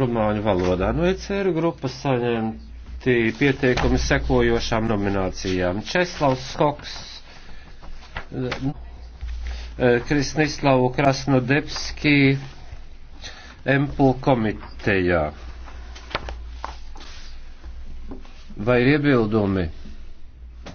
rumāņu valodā. No nu, ECR grupas saņemti pieteikumi sekojošām nominācijām. Česlavs Skoks, eh, Krisnislavu Krasnodebski, Empul komitejā. Vai ir iebildumi?